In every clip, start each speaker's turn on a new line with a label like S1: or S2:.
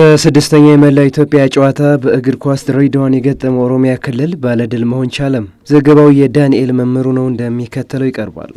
S1: በስድስተኛ የመላው ኢትዮጵያ ጨዋታ በእግር ኳስ ድሬዳዋን የገጠመው ኦሮሚያ ክልል ባለድል መሆን ቻለም። ዘገባው የዳንኤል መምህሩ ነው፣ እንደሚከተለው ይቀርባል።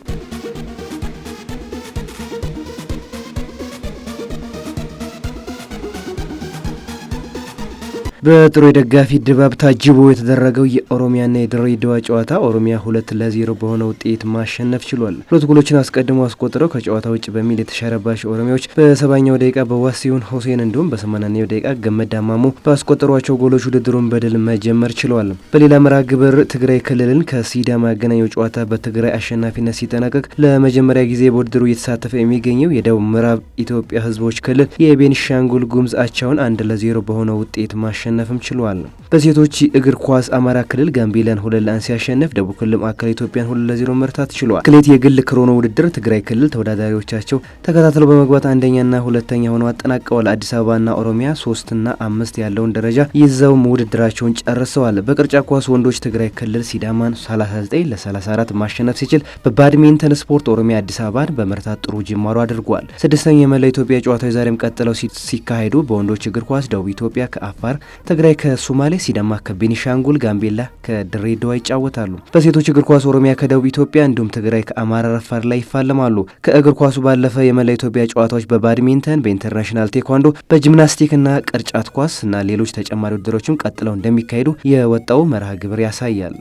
S1: በጥሩ የደጋፊ ድባብ ታጅቦ የተደረገው የኦሮሚያና የድሬዳዋ ጨዋታ ኦሮሚያ ሁለት ለዜሮ በሆነ ውጤት ማሸነፍ ችሏል። ሁለት ጎሎችን አስቀድሞ አስቆጥረው ከጨዋታ ውጭ በሚል የተሻረባቸው ኦሮሚያዎች በሰባኛው ደቂቃ በዋሲሁን ሆሴን እንዲሁም በሰማንያኛው ደቂቃ ገመዳ ማሞ ባስቆጠሯቸው ጎሎች ውድድሩን በድል መጀመር ችለዋል። በሌላ መርሃ ግብር ትግራይ ክልልን ከሲዳማ ያገናኘው ጨዋታ በትግራይ አሸናፊነት ሲጠናቀቅ ለመጀመሪያ ጊዜ በውድድሩ እየተሳተፈ የሚገኘው የደቡብ ምዕራብ ኢትዮጵያ ህዝቦች ክልል የቤኒሻንጉል ጉምዝ አቻውን አንድ ለዜሮ በሆነ ውጤት ማሸነፍ ማሸነፍም ችሏል። በሴቶች እግር ኳስ አማራ ክልል ጋምቤላን ሁለት ለአንድ ሲያሸንፍ፣ ደቡብ ክልል ማዕከላዊ ኢትዮጵያን ሁለት ለዜሮ መርታት ችሏል። ክሌት የግል ክሮኖ ውድድር ትግራይ ክልል ተወዳዳሪዎቻቸው ተከታትለው በመግባት አንደኛና ሁለተኛ ሆነው አጠናቀዋል። አዲስ አበባና ኦሮሚያ ሶስትና አምስት ያለውን ደረጃ ይዘውም ውድድራቸውን ጨርሰዋል። በቅርጫ ኳስ ወንዶች ትግራይ ክልል ሲዳማን 39 ለ34 ማሸነፍ ሲችል፣ በባድሚንተን ስፖርት ኦሮሚያ አዲስ አበባን በመርታት ጥሩ ጅማሮ አድርጓል። ስድስተኛ የመላ ኢትዮጵያ ጨዋታዎች ዛሬም ቀጥለው ሲካሄዱ በወንዶች እግር ኳስ ደቡብ ኢትዮጵያ ከአፋር ትግራይ ከሶማሌ፣ ሲዳማ ከቤኒሻንጉል፣ ጋምቤላ ከድሬዳዋ ይጫወታሉ። በሴቶች እግር ኳስ ኦሮሚያ ከደቡብ ኢትዮጵያ እንዲሁም ትግራይ ከአማራ ረፋድ ላይ ይፋለማሉ። ከእግር ኳሱ ባለፈ የመላ ኢትዮጵያ ጨዋታዎች በባድሚንተን፣ በኢንተርናሽናል ቴኳንዶ፣ በጂምናስቲክ እና ቅርጫት ኳስ እና ሌሎች ተጨማሪ ውድድሮችም ቀጥለው እንደሚካሄዱ የወጣው መርሃ ግብር ያሳያል።